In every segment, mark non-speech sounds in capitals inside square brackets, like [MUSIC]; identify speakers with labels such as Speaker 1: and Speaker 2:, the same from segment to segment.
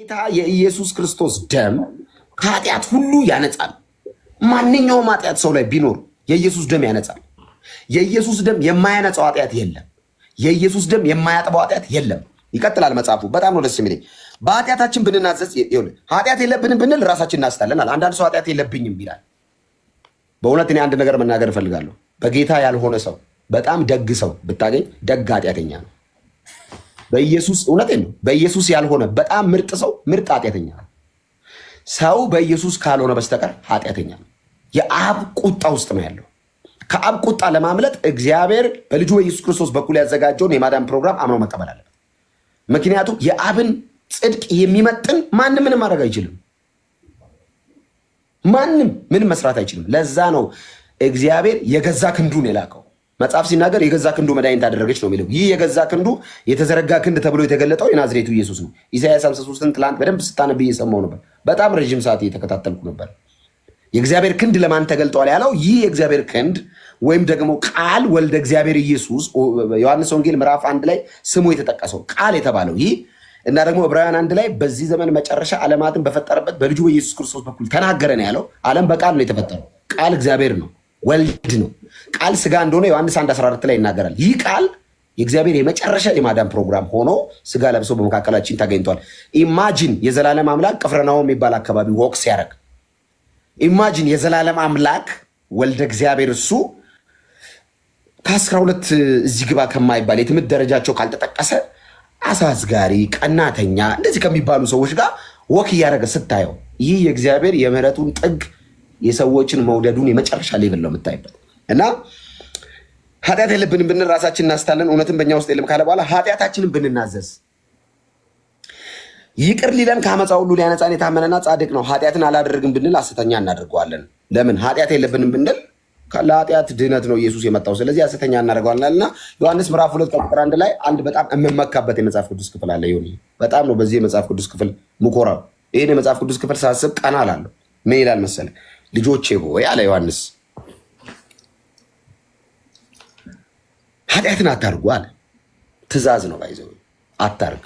Speaker 1: ጌታ የኢየሱስ ክርስቶስ ደም ከኃጢአት ሁሉ ያነጻል። ማንኛውም ኃጢአት ሰው ላይ ቢኖር የኢየሱስ ደም ያነጻል። የኢየሱስ ደም የማያነጻው ኃጢአት የለም። የኢየሱስ ደም የማያጥበው ኃጢአት የለም። ይቀጥላል መጽሐፉ። በጣም ነው ደስ የሚለኝ። በኃጢአታችን ብንናዘዝ ኃጢአት የለብንም ብንል ራሳችን እናስታለን። አንዳንድ ሰው ኃጢአት የለብኝም ይላል። በእውነት እኔ አንድ ነገር መናገር እፈልጋለሁ። በጌታ ያልሆነ ሰው በጣም ደግ ሰው ብታገኝ ደግ ኃጢአተኛ ነው። በኢየሱስ እውነቴን ነው። በኢየሱስ ያልሆነ በጣም ምርጥ ሰው ምርጥ ኃጢአተኛ ነው። ሰው በኢየሱስ ካልሆነ በስተቀር ኃጢአተኛ ነው። የአብ ቁጣ ውስጥ ነው ያለው። ከአብ ቁጣ ለማምለጥ እግዚአብሔር በልጁ በኢየሱስ ክርስቶስ በኩል ያዘጋጀውን የማዳን ፕሮግራም አምኖ መቀበል አለበት። ምክንያቱም የአብን ጽድቅ የሚመጥን ማንም ምንም ማድረግ አይችልም። ማንም ምንም መስራት አይችልም። ለዛ ነው እግዚአብሔር የገዛ ክንዱን የላከው። መጽሐፍ ሲናገር የገዛ ክንዱ መድኃኒት አደረገች ነው የሚለው። ይህ የገዛ ክንዱ የተዘረጋ ክንድ ተብሎ የተገለጠው የናዝሬቱ ኢየሱስ ነው። ኢሳያስ 53ን ትላንት በደንብ ስታነብ እየሰማው ነበር። በጣም ረዥም ሰዓት እየተከታተልኩ ነበር። የእግዚአብሔር ክንድ ለማን ተገልጠዋል ያለው ይህ የእግዚአብሔር ክንድ ወይም ደግሞ ቃል ወልደ እግዚአብሔር ኢየሱስ ዮሐንስ ወንጌል ምዕራፍ አንድ ላይ ስሙ የተጠቀሰው ቃል የተባለው ይህ እና ደግሞ ዕብራውያን አንድ ላይ በዚህ ዘመን መጨረሻ ዓለማትን በፈጠረበት በልጁ በኢየሱስ ክርስቶስ በኩል ተናገረ ነው ያለው። ዓለም በቃል ነው የተፈጠረው። ቃል እግዚአብሔር ነው፣ ወልድ ነው ቃል ስጋ እንደሆነ ዮሐንስ 1 14 ላይ ይናገራል። ይህ ቃል የእግዚአብሔር የመጨረሻ የማዳን ፕሮግራም ሆኖ ስጋ ለብሶ በመካከላችን ተገኝቷል። ኢማጂን የዘላለም አምላክ ቅፍረናው የሚባል አካባቢ ወቅ ሲያደርግ ኢማጂን የዘላለም አምላክ ወልደ እግዚአብሔር እሱ ከአስራ ሁለት እዚህ ግባ ከማይባል የትምህርት ደረጃቸው ካልተጠቀሰ አሳዝጋሪ፣ ቀናተኛ እንደዚህ ከሚባሉ ሰዎች ጋር ወክ እያደረገ ስታየው ይህ የእግዚአብሔር የምረቱን ጥግ የሰዎችን መውደዱን የመጨረሻ ሌብል ነው የምታይበት። እና ኃጢአት የለብንም ብንል ራሳችን እናስታለን። እውነትም በእኛ ውስጥ የለም ካለ በኋላ ኃጢአታችንን ብንናዘዝ ይቅር ሊለን ከአመፃ ሁሉ ሊያነፃን የታመነና ጻድቅ ነው። ኃጢአትን አላደርግም ብንል አሰተኛ እናደርገዋለን። ለምን ኃጢአት የለብንም ብንል ለኃጢአት ድህነት ነው ኢየሱስ የመጣው። ስለዚህ አሰተኛ እናደርገዋለን እና ዮሐንስ ምዕራፍ ሁለት ቁጥር አንድ ላይ አንድ በጣም የምመካበት የመጽሐፍ ቅዱስ ክፍል አለ። ይሁን በጣም ነው በዚህ የመጽሐፍ ቅዱስ ክፍል ምኮራው። ይህን የመጽሐፍ ቅዱስ ክፍል ሳስብ ቀና አላለሁ። ምን ይላል መሰለ ልጆቼ ሆይ አለ ዮሐንስ ኃጢአትን አታርጉ አለ። ትእዛዝ ነው ባይዘው አታርግ።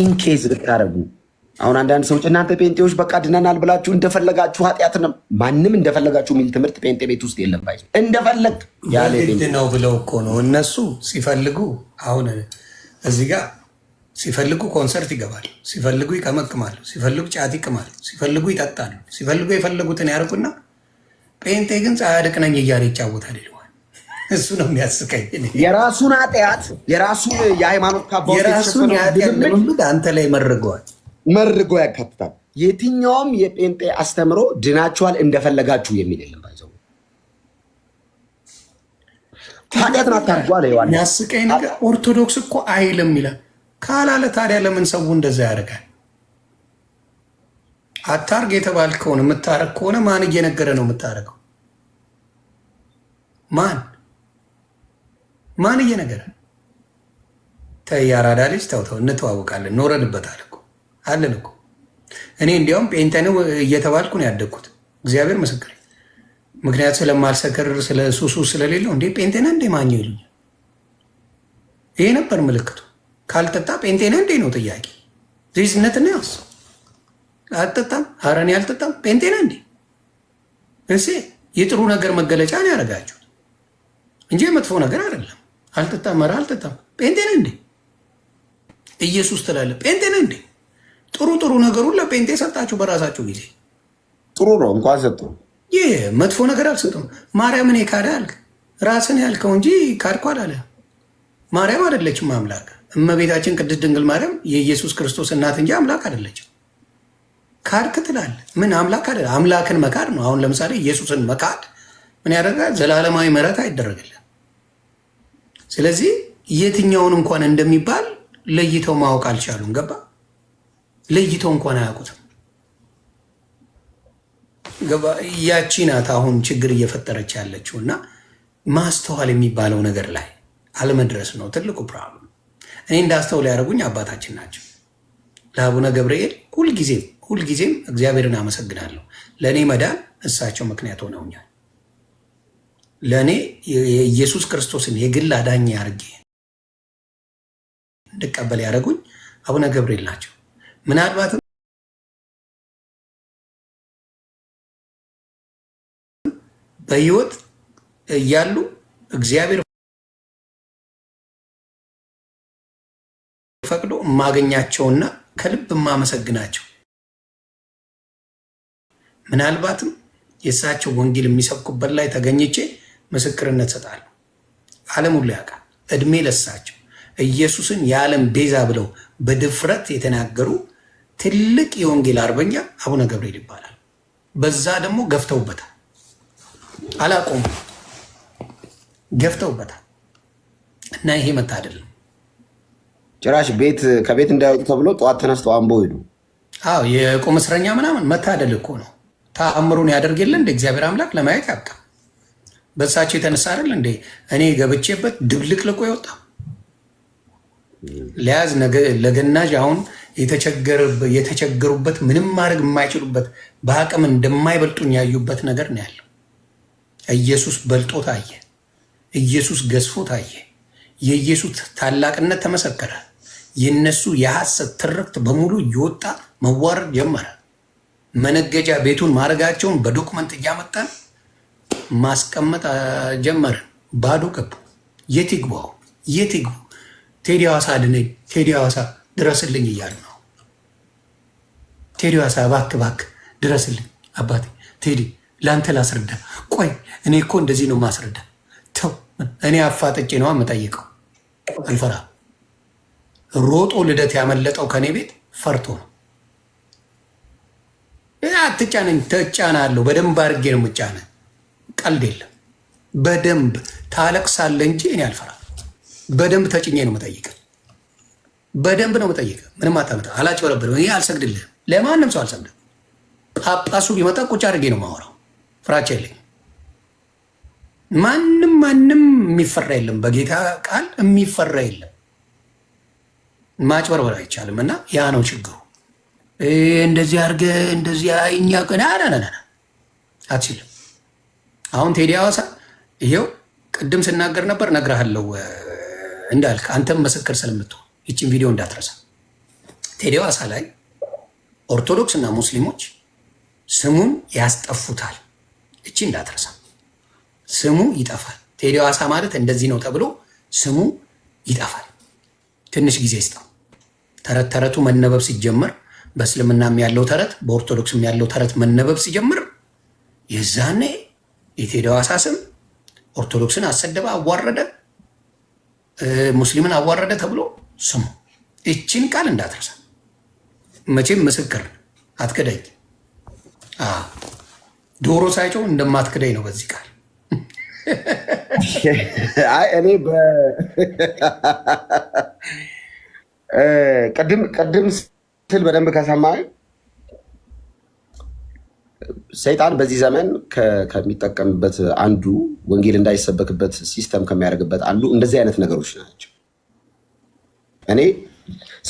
Speaker 1: ኢንኬዝ ብታረጉ አሁን አንዳንድ ሰዎች እናንተ ጴንጤዎች በቃ ድነናል ብላችሁ እንደፈለጋችሁ ኃጢአት ነው ማንም እንደፈለጋችሁ የሚል ትምህርት ጴንጤ ቤት ውስጥ የለም። ባይ እንደፈለግ
Speaker 2: ያለግድ ነው ብለው እኮ ነው እነሱ ሲፈልጉ። አሁን እዚህ ጋር ሲፈልጉ ኮንሰርት ይገባሉ፣ ሲፈልጉ ይቀመቅማሉ፣ ሲፈልጉ ጫት ይቅማሉ፣ ሲፈልጉ ይጠጣሉ፣ ሲፈልጉ የፈለጉትን ያርጉና ጴንጤ ግን ጻድቅ ነኝ እያለ ይጫወታል ይለዋል። እሱ ነው የሚያስቀኝ። የራሱን ኃጢአት የራሱን
Speaker 1: የሃይማኖት የራሱን ኃጢአት አንተ ላይ መርገዋል መርጎ ያካትታል። የትኛውም የጴንጤ አስተምሮ ድናችኋል እንደፈለጋችሁ
Speaker 2: የሚል የለም። ባይዘው ኃጢአትን አታርጓል ያስቀኝ ነገር ኦርቶዶክስ እኮ አይልም ይላል ካላለ ታዲያ ለምን ሰው እንደዛ ያደርጋል? አታርግ የተባልክ ከሆነ የምታረግ ከሆነ ማን እየነገረ ነው የምታረገው? ማን ማን እየነገረ ተይ፣ ልጅ ተው ተው፣ እንተዋወቃለን፣ ኖረንበታል እኮ አለን እኮ። እኔ እንዲያውም ጴንጤን እየተባልኩ ነው ያደግኩት፣ እግዚአብሔር ምስክር። ምክንያቱ ስለማልሰክር ስለ ሱሱ ስለሌለው እንዴ ጴንጤና እንዴ ማኘው ይሉኛል። ይሄ ነበር ምልክቱ። ካልጠጣ ጴንጤና እንዴ ነው ጥያቄ ዜዝነትና ያስ አትጠጣም? ኧረ እኔ አልጠጣም። ጴንጤ እንዴ? እሺ፣ የጥሩ ነገር መገለጫ ነው ያደረጋችሁት እንጂ የመጥፎ ነገር አይደለም። አልጠጣም፣ ኧረ አልጠጣም። ጴንጤ እንዴ? ኢየሱስ ትላለህ። ጴንጤ እንዴ? ጥሩ ጥሩ ነገሩን ለጴንጤ ሰጣችሁ
Speaker 1: በራሳችሁ ጊዜ። ጥሩ ነው
Speaker 2: እንኳን ሰጡ። ይህ መጥፎ ነገር አልሰጡም። ማርያምን የካደ አልክ ራስን ያልከው እንጂ ካድኳ አላለ። ማርያም አይደለችም አምላክ። እመቤታችን ቅድስት ድንግል ማርያም የኢየሱስ ክርስቶስ እናት እንጂ አምላክ አይደለችም። ካድክ ትላል። ምን አምላክ አይደል? አምላክን መካድ ነው። አሁን ለምሳሌ ኢየሱስን መካድ ምን ያደርጋል? ዘላለማዊ ምሕረት አይደረግልም። ስለዚህ የትኛውን እንኳን እንደሚባል ለይተው ማወቅ አልቻሉም። ገባ? ለይተው እንኳን አያውቁትም። ገባ? ያቺ ናት አሁን ችግር እየፈጠረች ያለችው እና ማስተዋል የሚባለው ነገር ላይ አለመድረስ ነው ትልቁ ፕሮብለም። እኔ እንዳስተውል ያደረጉኝ አባታችን ናቸው ለአቡነ ገብርኤል ሁልጊዜም ሁልጊዜም እግዚአብሔርን አመሰግናለሁ። ለእኔ መዳን እሳቸው ምክንያት ሆነውኛል። ለእኔ የኢየሱስ ክርስቶስን የግል አዳኝ አድርጌ እንድቀበል ያደረጉኝ አቡነ ገብርኤል ናቸው። ምናልባትም በሕይወት እያሉ እግዚአብሔር ፈቅዶ የማገኛቸውና ከልብ የማመሰግናቸው ምናልባትም የእሳቸው ወንጌል የሚሰብኩበት ላይ ተገኝቼ ምስክርነት ሰጣለሁ። ዓለም ሁሉ ያውቃል። እድሜ ለሳቸው ኢየሱስን የዓለም ቤዛ ብለው በድፍረት የተናገሩ ትልቅ የወንጌል አርበኛ አቡነ ገብርኤል ይባላል። በዛ ደግሞ ገፍተውበታል፣ አላቆሙ ገፍተውበታል እና ይሄ መታ
Speaker 1: ነው። ጭራሽ ቤት ከቤት እንዳይወጡ ተብሎ ጠዋት ተነስተው አምቦ
Speaker 2: ሄዱ። አዎ የቁም እስረኛ ምናምን መታደል እኮ ነው። ተአምሩን ያደርግ የለ እንደ እግዚአብሔር አምላክ ለማየት ያብቃ። በሳቸው የተነሳ አይደል እንደ እኔ ድብልቅ ልቆ ይወጣ ለያዝ ለገናዥ አሁን የተቸገሩበት ምንም ማድረግ የማይችሉበት በአቅም እንደማይበልጡን ያዩበት ነገር ነው ያለው። ኢየሱስ በልጦ ታየ። ኢየሱስ ገዝፎ ታየ። የኢየሱስ ታላቅነት ተመሰከረ። የእነሱ የሐሰት ትርክት በሙሉ እየወጣ መዋረድ ጀመረ። መነገጃ ቤቱን ማድረጋቸውን በዶክመንት እያመጣን ማስቀመጥ ጀመር። ባዶ ገቡ። የት ይግባው? የት ይግቡ? ቴዲ ሐዋሳ አድነኝ፣ ቴዲ ሐዋሳ ድረስልኝ እያሉ ነው። ቴዲ ሐዋሳ እባክህ እባክህ ድረስልኝ አባቴ ቴዲ፣ ለአንተ ላስረዳ። ቆይ እኔ እኮ እንደዚህ ነው ማስረዳ። ተው እኔ አፋጥጬ ነው የምጠይቀው። አልፈራ ሮጦ ልደት ያመለጠው ከእኔ ቤት ፈርቶ ነው። አትጫነኝ። ተጫናለሁ። በደንብ አድርጌ ነው የምጫነ። ቀልድ የለም። በደንብ ታለቅሳለ እንጂ እኔ አልፈራ? በደንብ ተጭኜ ነው የምጠይቅህ። በደንብ ነው መጠይቀ ምንም አታመጣ። አላጭበረብርም። እኔ አልሰግድልህም። ለማንም ሰው አልሰግድም። ጳጳሱ ቢመጣ ቁጭ አድርጌ ነው ማወራው። ፍራቻ የለኝ። ማንም ማንም የሚፈራ የለም። በጌታ ቃል የሚፈራ የለም። ማጭበርበር አይቻልም እና ያ ነው ችግሩ። እንደዚህ አርገ እንደዚህ እኛ ቀና አትችልም። አሁን ቴዲ አዋሳ ይሄው ቅድም ስናገር ነበር ነግረሃለው እንዳልክ አንተም ምስክር ስለምትሆ ይችን ቪዲዮ እንዳትረሳ። ቴዲ አዋሳ ላይ ኦርቶዶክስ እና ሙስሊሞች ስሙን ያስጠፉታል። እቺ እንዳትረሳ። ስሙ ይጠፋል። ቴዲ አዋሳ ማለት እንደዚህ ነው ተብሎ ስሙ ይጠፋል። ትንሽ ጊዜ ይስጠው። ተረት ተረቱ መነበብ ሲጀመር በእስልምናም ያለው ተረት በኦርቶዶክስም ያለው ተረት መነበብ ሲጀምር የዛኔ የቴዲ ዋሳ ስም ኦርቶዶክስን አሰደበ፣ አዋረደ፣ ሙስሊምን አዋረደ ተብሎ ስሙ። ይችን ቃል እንዳትረሳ። መቼም ምስክር አትክደኝ። ዶሮ ሳይጨው እንደማትክደኝ ነው በዚህ
Speaker 1: ቃል እኔ ቅድም ስል በደንብ ከሰማህ ሰይጣን በዚህ ዘመን ከሚጠቀምበት አንዱ ወንጌል እንዳይሰበክበት ሲስተም ከሚያደርግበት አንዱ እንደዚህ አይነት ነገሮች ናቸው። እኔ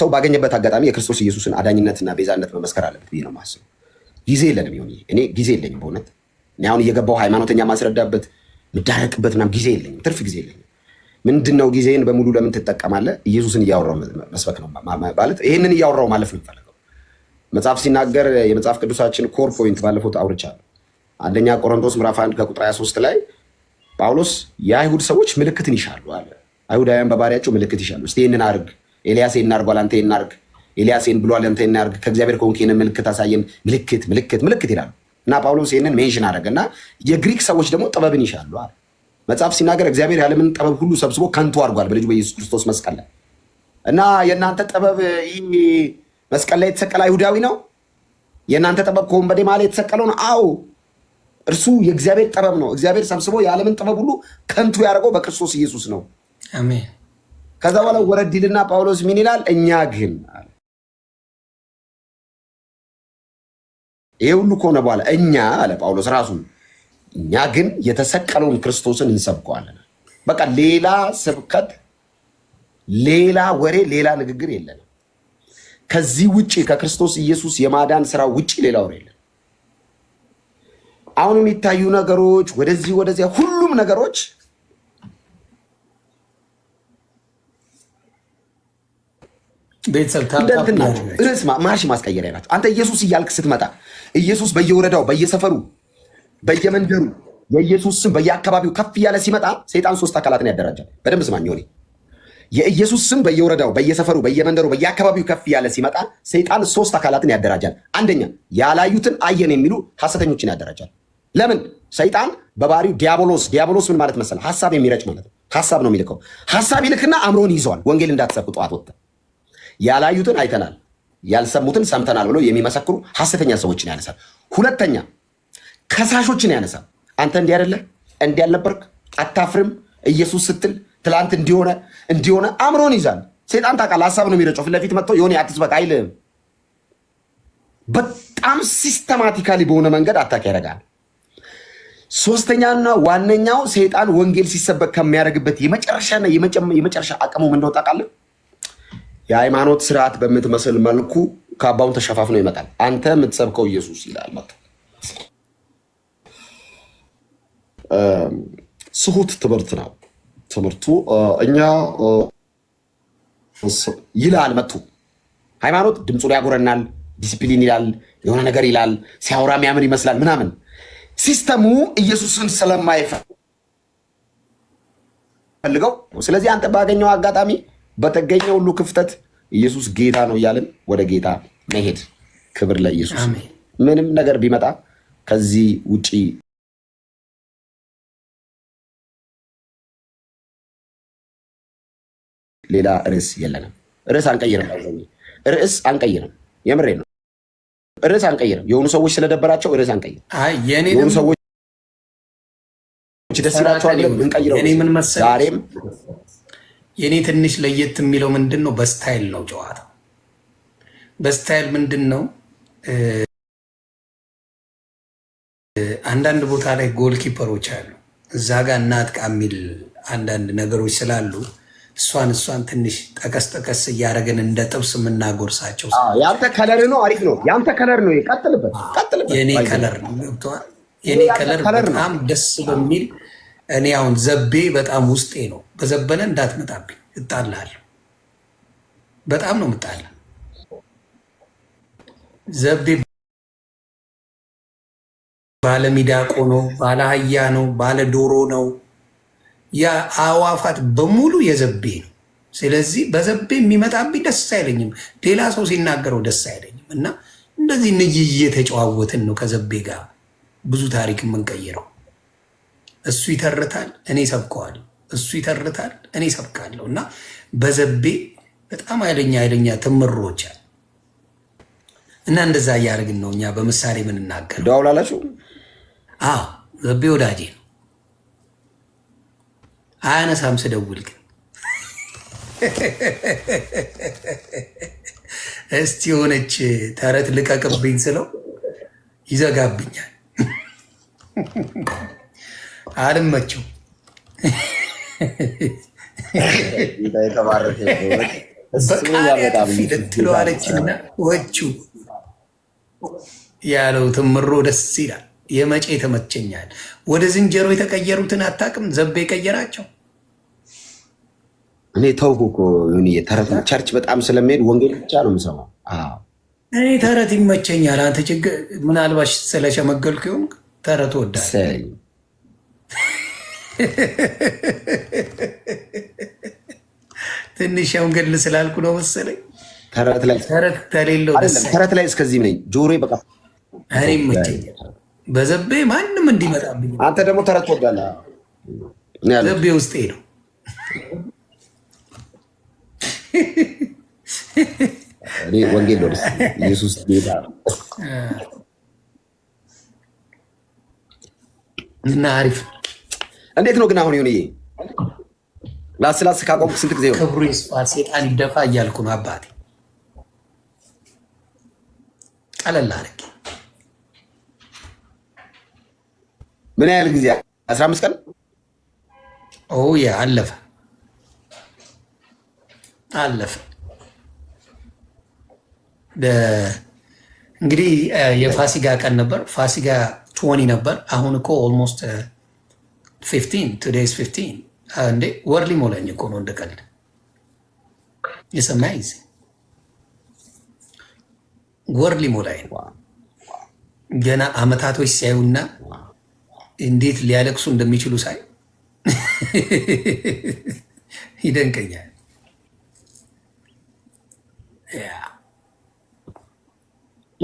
Speaker 1: ሰው ባገኘበት አጋጣሚ የክርስቶስ ኢየሱስን አዳኝነትና ቤዛነት መመስከር አለበት ብዬ ነው የማስበው። ጊዜ የለንም ሆ እኔ ጊዜ የለኝም በእውነት እኔ አሁን እየገባው ሃይማኖተኛ ማስረዳበት ምዳረቅበት ምናምን ጊዜ የለኝም፣ ትርፍ ጊዜ የለኝም። ምንድን ነው ጊዜን በሙሉ ለምን ትጠቀማለህ? ኢየሱስን እያወራው መስበክ ነው ማለት ይህንን እያወራው ማለፍ ነው የምፈልገው። መጽሐፍ ሲናገር የመጽሐፍ ቅዱሳችን ኮር ፖይንት ባለፉት አውርቻለሁ። አንደኛ ቆሮንቶስ ምዕራፍ አንድ ከቁጥር 23 ላይ ጳውሎስ የአይሁድ ሰዎች ምልክትን ይሻሉ አለ። አይሁዳውያን በባህሪያቸው ምልክት ይሻሉ። እስቲ ይህንን አርግ፣ ኤልያስ ይህን አርጓል፣ አንተ ይህን አድርግ ኤልያስ ይህን ብሏል፣ አንተ ይህን ከእግዚአብሔር ከሆንክ ይህንን ምልክት አሳየን፣ ምልክት ምልክት ምልክት ይላሉ እና ጳውሎስ ይህንን ሜንሽን አደረገ እና የግሪክ ሰዎች ደግሞ ጥበብን ይሻሉ አለ መጽሐፍ ሲናገር እግዚአብሔር የዓለምን ጥበብ ሁሉ ሰብስቦ ከንቱ አድርጓል በልጁ በኢየሱስ ክርስቶስ መስቀል ላይ እና የእናንተ ጥበብ መስቀል ላይ የተሰቀለ አይሁዳዊ ነው። የእናንተ ጥበብ ከወንበዴ መሃል የተሰቀለው ነው። አዎ እርሱ የእግዚአብሔር ጥበብ ነው። እግዚአብሔር ሰብስቦ የዓለምን ጥበብ ሁሉ ከንቱ ያደርገው በክርስቶስ ኢየሱስ
Speaker 2: ነው። አሜን።
Speaker 1: ከዛ በኋላ ወረድ ይልና ጳውሎስ ምን ይላል? እኛ ግን ይሄ ሁሉ ከሆነ በኋላ እኛ አለ ጳውሎስ ራሱን እኛ ግን የተሰቀለውን ክርስቶስን እንሰብከዋለን። በቃ ሌላ ስብከት፣ ሌላ ወሬ፣ ሌላ ንግግር የለንም። ከዚህ ውጪ ከክርስቶስ ኢየሱስ የማዳን ስራ ውጪ ሌላ ወሬ የለን። አሁን የሚታዩ ነገሮች ወደዚህ ወደዚያ፣ ሁሉም ነገሮች ማሽ ማስቀየሪያ ናቸው። አንተ ኢየሱስ እያልክ ስትመጣ ኢየሱስ በየወረዳው በየሰፈሩ በየመንደሩ የኢየሱስ ስም በየአካባቢው ከፍ እያለ ሲመጣ ሰይጣን ሶስት አካላትን ያደራጃል። በደንብ ስማኝ ሆኔ የኢየሱስ ስም በየወረዳው፣ በየሰፈሩ፣ በየመንደሩ፣ በየአካባቢው ከፍ እያለ ሲመጣ ሰይጣን ሶስት አካላትን ያደራጃል። አንደኛ ያላዩትን አየን የሚሉ ሀሰተኞችን ያደራጃል። ለምን? ሰይጣን በባህሪው ዲያቦሎስ ዲያቦሎስ ምን ማለት መሰለ ሀሳብ የሚረጭ ማለት ነው። ሀሳብ ነው የሚልከው። ሀሳብ ይልክና አእምሮን ይዘዋል። ወንጌል እንዳትሰብኩ ጠዋት ወጥተ ያላዩትን አይተናል፣ ያልሰሙትን ሰምተናል ብሎ የሚመሰክሩ ሀሰተኛ ሰዎችን ያነሳል። ሁለተኛ ከሳሾችን ያነሳል። አንተ እንዲህ አይደለ እንዲህ አልነበርክ አታፍርም ኢየሱስ ስትል ትላንት እንዲሆነ እንዲሆነ አእምሮን ይዛል። ሴጣን ታውቃለህ፣ ሀሳብ ነው የሚረጨው። ፊትለፊት መጥቶ የሆነ አትስበክ አይልም። በጣም ሲስተማቲካሊ በሆነ መንገድ አታክ ያደርጋል። ሶስተኛና ዋነኛው ሴጣን ወንጌል ሲሰበክ ከሚያደርግበት የመጨረሻና የመጨረሻ አቅሙ ምንደው ታውቃለህ? የሃይማኖት ስርዓት በምትመስል መልኩ ከአባውን ተሸፋፍኖ ይመጣል። አንተ የምትሰብከው ኢየሱስ ይላል መጥቶ ስሁት ትምህርት ነው ትምህርቱ። እኛ ይላል መጥቶ ሃይማኖት ድምፁን ያጎረናል፣ ዲስፕሊን ይላል፣ የሆነ ነገር ይላል፣ ሲያወራ የሚያምር ይመስላል ምናምን። ሲስተሙ ኢየሱስን ስለማይፈልገው ስለዚህ አንተ ባገኘው አጋጣሚ በተገኘ ሁሉ ክፍተት ኢየሱስ ጌታ ነው እያልን ወደ ጌታ መሄድ። ክብር ለኢየሱስ። ምንም ነገር ቢመጣ ከዚህ ውጪ ሌላ ርዕስ የለንም። ርዕስ አንቀይርም። ርዕስ አንቀይርም። የምሬ ነው። ርዕስ አንቀይርም። የሆኑ ሰዎች ስለደበራቸው ርዕስ
Speaker 2: አንቀይርም። የሆኑ ሰዎች ደስ ይላቸዋል እንቀይረው። ዛሬም የእኔ ትንሽ ለየት የሚለው ምንድን ነው? በስታይል ነው ጨዋታ። በስታይል ምንድን ነው? አንዳንድ ቦታ ላይ ጎል ኪፐሮች አሉ። እዛ ጋር እናጥቃ የሚል አንዳንድ ነገሮች ስላሉ እሷን እሷን ትንሽ ጠቀስ ጠቀስ እያደረግን እንደ ጥብስ የምናጎርሳቸው
Speaker 1: የአንተ ከለር ነው። አሪፍ ነው። የአንተ ከለር ነው። ቀጥልበት፣
Speaker 2: ቀጥልበት። የኔ ከለር ነው። ገብቶሃል? የኔ ከለር በጣም ደስ በሚል እኔ አሁን ዘቤ በጣም ውስጤ ነው። በዘበነ እንዳትመጣብኝ እጣላለሁ። በጣም ነው ምጣለ ዘቤ ባለሚዳቆ ነው፣ ባለ አህያ ነው፣ ባለ ዶሮ ነው። የአእዋፋት በሙሉ የዘቤ ነው። ስለዚህ በዘቤ የሚመጣብኝ ደስ አይለኝም፣ ሌላ ሰው ሲናገረው ደስ አይለኝም። እና እንደዚህ ንይ እየተጨዋወትን ነው ከዘቤ ጋር ብዙ ታሪክ የምንቀይረው። እሱ ይተርታል፣ እኔ ሰብከዋል። እሱ ይተርታል፣ እኔ ሰብካለሁ። እና በዘቤ በጣም አይለኛ አይለኛ ትምሮቻል። እና እንደዛ እያደረግን ነው እኛ በምሳሌ የምንናገረው። ደዋውላላችሁ ዘቤ ወዳጄ ነው። አያነሳም ስደውል ግን እስቲ የሆነች ተረት ልቀቅብኝ ስለው ይዘጋብኛል። አልመቸው በቃ ወቹ ያለው ትምሮ ደስ ይላል። የመጪ ተመቸኛል። ወደ ዝንጀሮ የተቀየሩትን አታውቅም? ዘብ የቀየራቸው
Speaker 1: እኔ ተውኩ እኮ ይሁንዬ። ተረት ቸርች በጣም ስለሚሄድ ወንጌል
Speaker 2: ብቻ ነው የምሰማው። እኔ ተረት ይመቸኛል። አንተ ችግር ምናልባት ስለሸመገልኩ ይሆን ተረት ወዳል ትንሽ ሸምገል ስላልኩ
Speaker 1: ነው መሰለኝ። ተረት ላይ ተረት ከሌለው ተረት ላይ እስከዚህ ነኝ። ጆሮዬ በቃ እኔ ይመቸኛል። በዘቤ ማንም እንዲመጣብኝ አንተ ደግሞ ተረት ትወዳለህ። ዘቤ ውስጤ ነው። ወንጌል ነው ኢየሱስ ጌታ እና አሪፍ። እንዴት ነው ግን አሁን ይሁን
Speaker 2: ላስላስ ካቆም ስንት ጊዜ ነው? ክብሩ ይስፋ ሴጣን ይደፋ እያልኩ ነው አባቴ ቀለል አድርጌ ምን ያህል ጊዜ? አስራ አምስት ቀን ያ አለፈ አለፈ። እንግዲህ የፋሲጋ ቀን ነበር። ፋሲጋ ትወኒ ነበር። አሁን እኮ ኦልሞስት ፊፍቲን ቱዴይስ ፊፍቲን እንዴ ወር ሊሞላኝ እኮ ነው። እንደቀልድ የሰማ ጊዜ ወር ሊሞላኝ ገና አመታቶች ሲያዩና እንዴት ሊያለቅሱ እንደሚችሉ ሳይ ይደንቀኛል።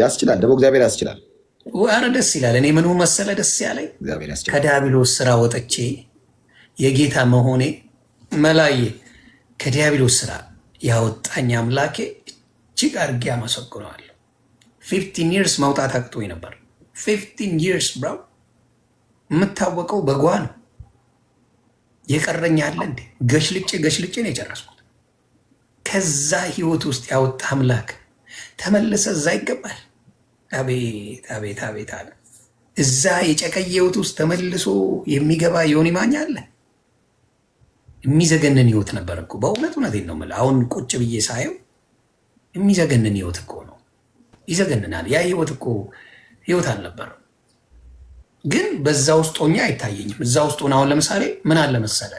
Speaker 2: ያስችላል ደግሞ እግዚአብሔር ያስችላል። አረ ደስ ይላል። እኔ ምኑ መሰለ ደስ ያለኝ ከዲያብሎስ ስራ ወጥቼ የጌታ መሆኔ መላዬ ከዲያብሎስ ስራ ያወጣኝ አምላኬ እጅግ አድርጌ አመሰግነዋለሁ። ፊፍቲን ይርስ መውጣት አቅጦኝ ነበር። ፊፍቲን ይርስ ብራው የምታወቀው በጓ ነው። የቀረኝ አለ እንዴ? ገሽልጬ ገሽልጬ ነው የጨረስኩት። ከዛ ህይወት ውስጥ ያወጣ አምላክ ተመለሰ እዛ ይገባል። አቤት አቤት አቤት አለ። እዛ የጨቀየ ህይወት ውስጥ ተመልሶ የሚገባ ይሆን ይማኛ አለ። የሚዘገንን ህይወት ነበር እኮ በእውነት እውነቴን ነው የምልህ። አሁን ቁጭ ብዬ ሳየው የሚዘገንን ህይወት እኮ ነው። ይዘገንናል። ያ ህይወት እኮ ህይወት አልነበረም። ግን በዛ ውስጥ ሆኜ አይታየኝም። እዛ ውስጥ ሆነ አሁን ለምሳሌ ምን አለ መሰለ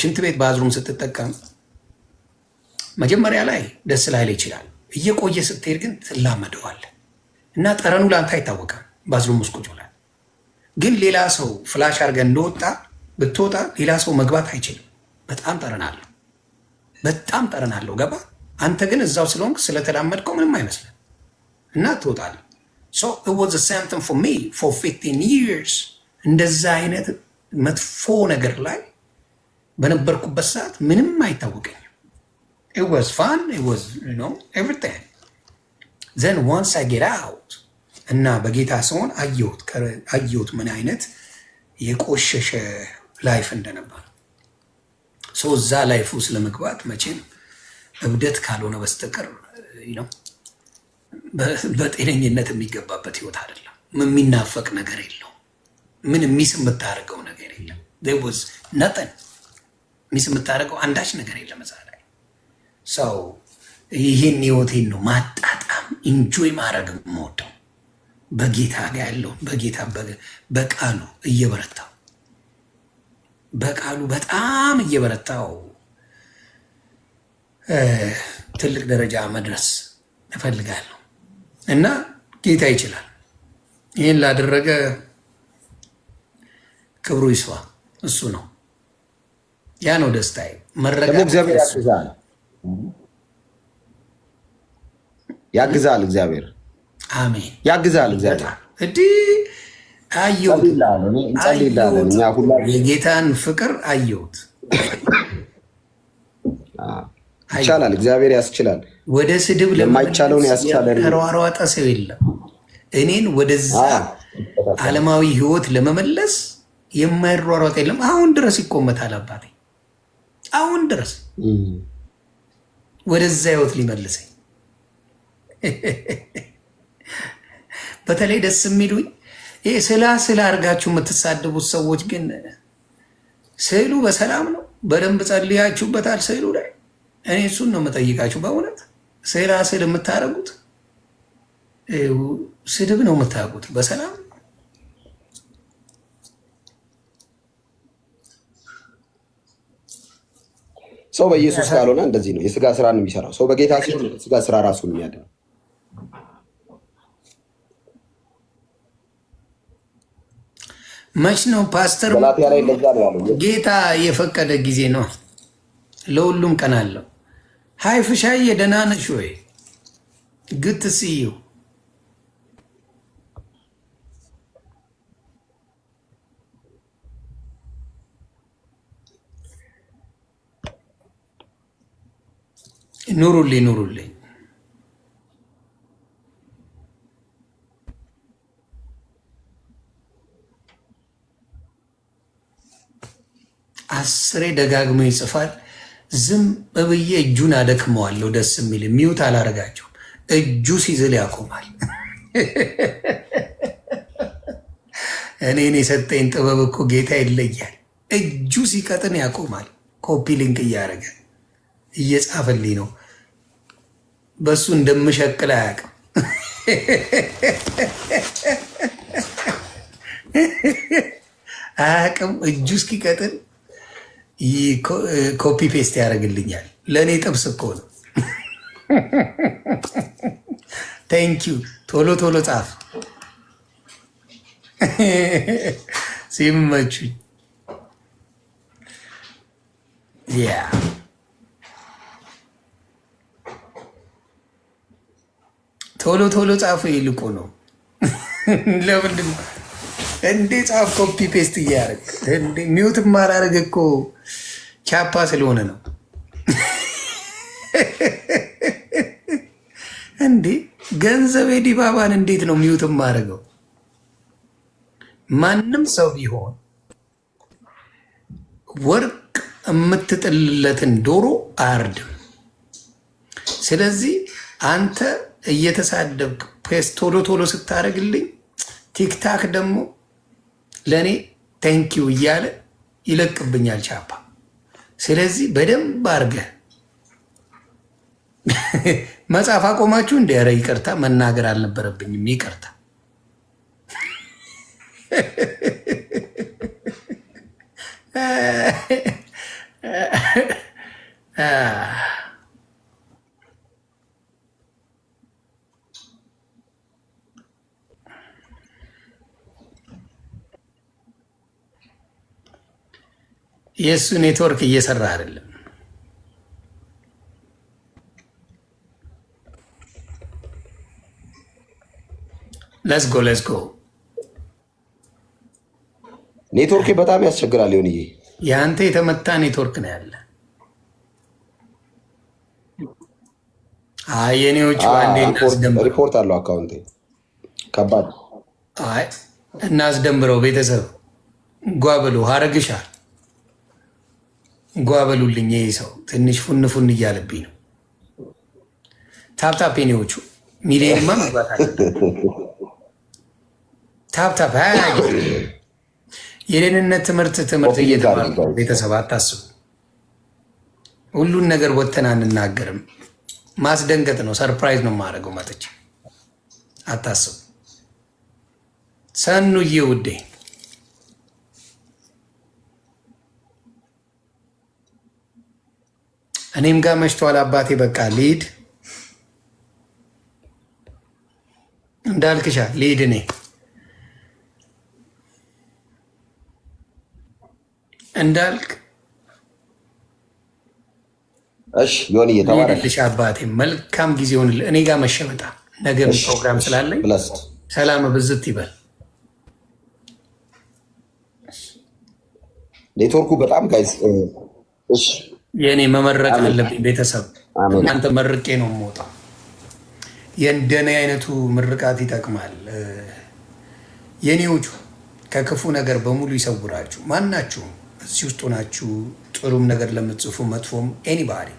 Speaker 2: ሽንት ቤት ባዝሩም ስትጠቀም መጀመሪያ ላይ ደስ ላይል ይችላል። እየቆየ ስትሄድ ግን ትላመደዋል እና ጠረኑ ለአንተ አይታወቅም። ባዝሩም ውስጥ ቁጭ ብላል። ግን ሌላ ሰው ፍላሽ አድርገን እንደወጣ ብትወጣ ሌላ ሰው መግባት አይችልም። በጣም ጠረን አለው፣ በጣም ጠረን አለው። ገባ አንተ ግን እዛው ስለሆንክ ስለተላመድከው ምንም አይመስልም እና ትወጣል ሰምቲንግ ፎር ሚ ፎር ፊፍቲን ይርስ እንደዛ አይነት መጥፎ ነገር ላይ በነበርኩበት ሰዓት ምንም አይታወቀኝም። ዋዝ ፋን ኤቭሪቲንግ ዘን ዋንስ አይ ጌት አውት እና በጌታ ስሆን አየሁት ምን አይነት የቆሸሸ ላይፍ እንደነበር። ሰው እዛ ላይፍ ውስጥ ለመግባት መቼም እብደት ካልሆነ በስተቀር ነው። በጤነኝነት የሚገባበት ህይወት አይደለም። የሚናፈቅ ነገር የለውም። ምን ሚስ የምታደርገው ነገር የለም። ወዝ ነጠን ሚስ የምታደርገው አንዳች ነገር የለም። እዛ ላይ ሰው ይህን ህይወቴን ነው ማጣጣም ኢንጆይ ማድረግ የምወደው በጌታ ጋር ያለው በጌታ በቃሉ እየበረታው በቃሉ በጣም እየበረታው ትልቅ ደረጃ መድረስ እፈልጋለሁ። እና ጌታ ይችላል። ይህን ላደረገ ክብሩ ይስፋ። እሱ ነው ያ
Speaker 1: ነው ደስታዬ። መረጋጋት ያግዛል እግዚአብሔር። አሜን። ያግዛል
Speaker 2: እግዚአብሔር። እዲ አየሁት፣
Speaker 1: የጌታን ፍቅር አየሁት። ይቻላል፣
Speaker 2: እግዚአብሔር ያስችላል። ወደ ስድብ ለማይቻለውን ያስቻለ ሰው የለም። እኔን ወደዛ አለማዊ ህይወት ለመመለስ የማይሯሯጥ የለም። አሁን ድረስ ይቆመታል አባቴ፣ አሁን ድረስ ወደዛ ህይወት ሊመልሰኝ። [LAUGHS] በተለይ ደስ የሚሉኝ ይህ ስላ ስላ አድርጋችሁ የምትሳደቡት ሰዎች ግን ስዕሉ በሰላም ነው። በደንብ ጸልያችሁበታል ስዕሉ ላይ። እኔ እሱን ነው የምጠይቃችሁ በእውነት ስዕላ ስዕል የምታደርጉት ስድብ ነው የምታደርጉት። በሰላም
Speaker 1: ሰው በኢየሱስ ካልሆነ እንደዚህ ነው። የስጋ ስራ ነው የሚሰራው። ሰው በጌታ ሲሆን ስጋ ስራ ራሱ
Speaker 2: የሚያደርግ መች ነው ፓስተር? ጌታ የፈቀደ ጊዜ ነው። ለሁሉም ቀን አለው። ሀይ ፍሻዬ ደህና ነሽ ወይ? ግት ስዩ ኑሩልኝ ኑሩልኝ። አስሬ ደጋግሞ ይጽፋል። ዝም ብዬ እጁን አደክመዋለሁ። ደስ የሚል ሚዩት አላረጋቸው እጁ ሲዝል ያቆማል። [LAUGHS] እኔን የሰጠኝ ጥበብ እኮ ጌታ ይለያል። እጁ ሲቀጥን ያቆማል። ኮፒ ሊንክ እያደረገ እየጻፈልኝ ነው። በሱ እንደምሸቅል አያውቅም። [LAUGHS] አያውቅም እጁ እስኪቀጥን ኮፒ ፔስት ያደርግልኛል። ለእኔ ጥብስ እኮ ነው። ቴንኪው። ቶሎ ቶሎ ጻፍ ሲመቹኝ። ያ ቶሎ ቶሎ ጻፉ ይልቁ ነው። ለምንድን እንዴ ጻፍ ኮፒ ፔስት እያደረግ ሚውት ማላረግ እኮ ቻፓ ስለሆነ ነው እንዴ? ገንዘቤ ዲባባን እንዴት ነው ሚውት ማድረገው? ማንም ሰው ቢሆን ወርቅ የምትጥልለትን ዶሮ አያርድም። ስለዚህ አንተ እየተሳደብክ ፔስ ቶሎ ቶሎ ስታደርግልኝ ቲክታክ ደግሞ ለእኔ ቴንኪው እያለ ይለቅብኛል ቻፓ ስለዚህ በደንብ አድርገህ መጽሐፍ አቆማችሁ እንደ ኧረ ይቅርታ መናገር አልነበረብኝም፣ ይቅርታ Ah የእሱ ኔትወርክ እየሰራ አይደለም።
Speaker 1: ለስጎ ለስጎ ኔትወርክ በጣም ያስቸግራል። ይሄ
Speaker 2: የአንተ የተመታ ኔትወርክ ነው ያለ።
Speaker 1: አይ ሪፖርት አለው አካውንት ከባድ
Speaker 2: እናስደምረው ቤተሰብ ጓብሉ አረግሻል ጓበሉልኝ። ይህ ሰው ትንሽ ፉን ፉን እያለብኝ ነው። ታፕታፕ ኔዎቹ ሚሊዮንማ መግባት አለ። ታፕታፕ የደህንነት ትምህርት ትምህርት እየተማር ቤተሰብ አታስቡ። ሁሉን ነገር ወተን አንናገርም። ማስደንገጥ ነው። ሰርፕራይዝ ነው የማደርገው መጥቼ። አታስቡ ሰኑዬ ውዴ እኔም ጋር መሽተዋል አባቴ። በቃ ሊድ እንዳልክሻ ሊድ እኔ
Speaker 1: እንዳልክ እሺ ዮኒ ልሽ አባቴ መልካም ጊዜ ሆን። እኔ ጋር መሸመጣ ነገ ፕሮግራም ስላለኝ ሰላም ብዝት ይበል። ኔትወርኩ በጣም ጋይዝ እሺ የእኔ መመረቅ አለብኝ
Speaker 2: ቤተሰብ እናንተ መርቄ ነው የምወጣው። የእንደኔ አይነቱ ምርቃት ይጠቅማል። የኔዎቹ ከክፉ ነገር በሙሉ ይሰውራችሁ። ማናችሁም እዚህ ውስጡ ናችሁ፣ ጥሩም ነገር ለምትጽፉ መጥፎም፣ ኤኒባዲ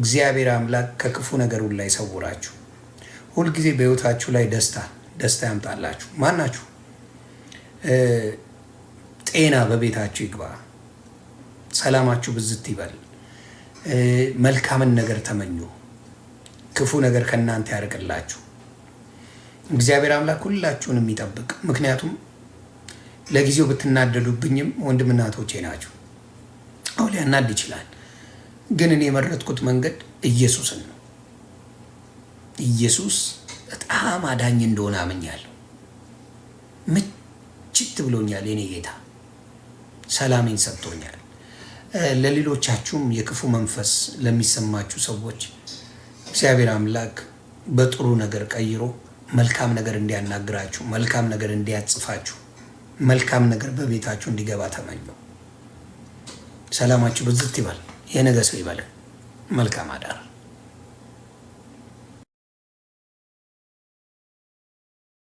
Speaker 2: እግዚአብሔር አምላክ ከክፉ ነገር ላይ ይሰውራችሁ። ሁልጊዜ በህይወታችሁ ላይ ደስታ ደስታ ያምጣላችሁ። ማናችሁ ጤና በቤታችሁ ይግባ። ሰላማችሁ ብዝት ይበል። መልካምን ነገር ተመኙ፣ ክፉ ነገር ከእናንተ ያርቅላችሁ። እግዚአብሔር አምላክ ሁላችሁን የሚጠብቅ ምክንያቱም ለጊዜው ብትናደዱብኝም ወንድምና እህቶቼ ናችሁ። አሁን ሊያናድ ይችላል፣ ግን እኔ የመረጥኩት መንገድ ኢየሱስን ነው። ኢየሱስ በጣም አዳኝ እንደሆነ አምኛለሁ። ምችት ብሎኛል። የኔ ጌታ ሰላሜን ሰጥቶኛል። ለሌሎቻችሁም የክፉ መንፈስ ለሚሰማችሁ ሰዎች እግዚአብሔር አምላክ በጥሩ ነገር ቀይሮ መልካም ነገር እንዲያናግራችሁ፣ መልካም ነገር እንዲያጽፋችሁ፣ መልካም ነገር በቤታችሁ እንዲገባ ተመኘ። ሰላማችሁ ብዝት ይበል። የነገ ሰው ይበለን። መልካም አዳር